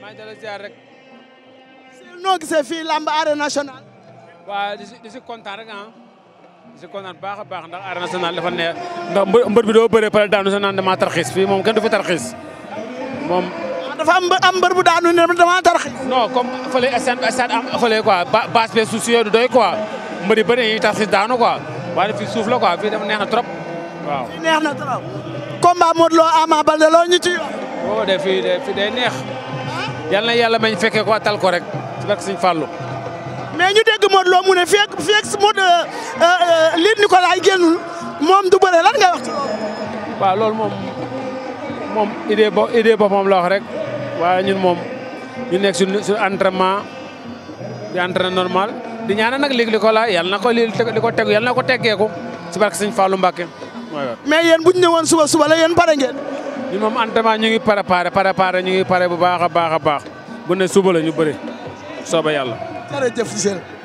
maa ngi rek. noo gisee fii lamb arène nationale. waaw di si di si kontaan rek ah. di si kontaan baax a baax ndax arène nationale dafa neex ndax mbër bi doo bëree pare daanu sa naan damaa tarxiis fii moom kenn du fi tarxiis moom. dafa am mbër bu daanu ne damaa tarxiis. non comme fële stade stade am fële quoi base bee suuf si la combat Modou Ama Baldé loo ñu ci. oh de fii de fii neex yalla yalla bañ fekke ko atal ko rek ci barke Sëñ Fallou mais ñu dégg mod Lo mu ne fek fek fekk fekk Modou euh, euh, Luc Nicolaï gennul mom du bëre lan nga wax ci loolu. waaw loolu moom moom idée bo idée boppam la wax rek wa ñun mom ñu nek sur sur entraînement di entraîné normal di ñaan nak lig Nicolaï yal na ko li ko yalla nako na ko ci barke seigne Fallou Mbacké. mais yeen buñ ñewon suba suba la yeen paré ngeen. ñun moom entraînement ñu ngi préparé préparé ñu ngi pare bu baax a baax a baax bu ne suba la ñu bëri sooba yàlla. jërëjëf Cissé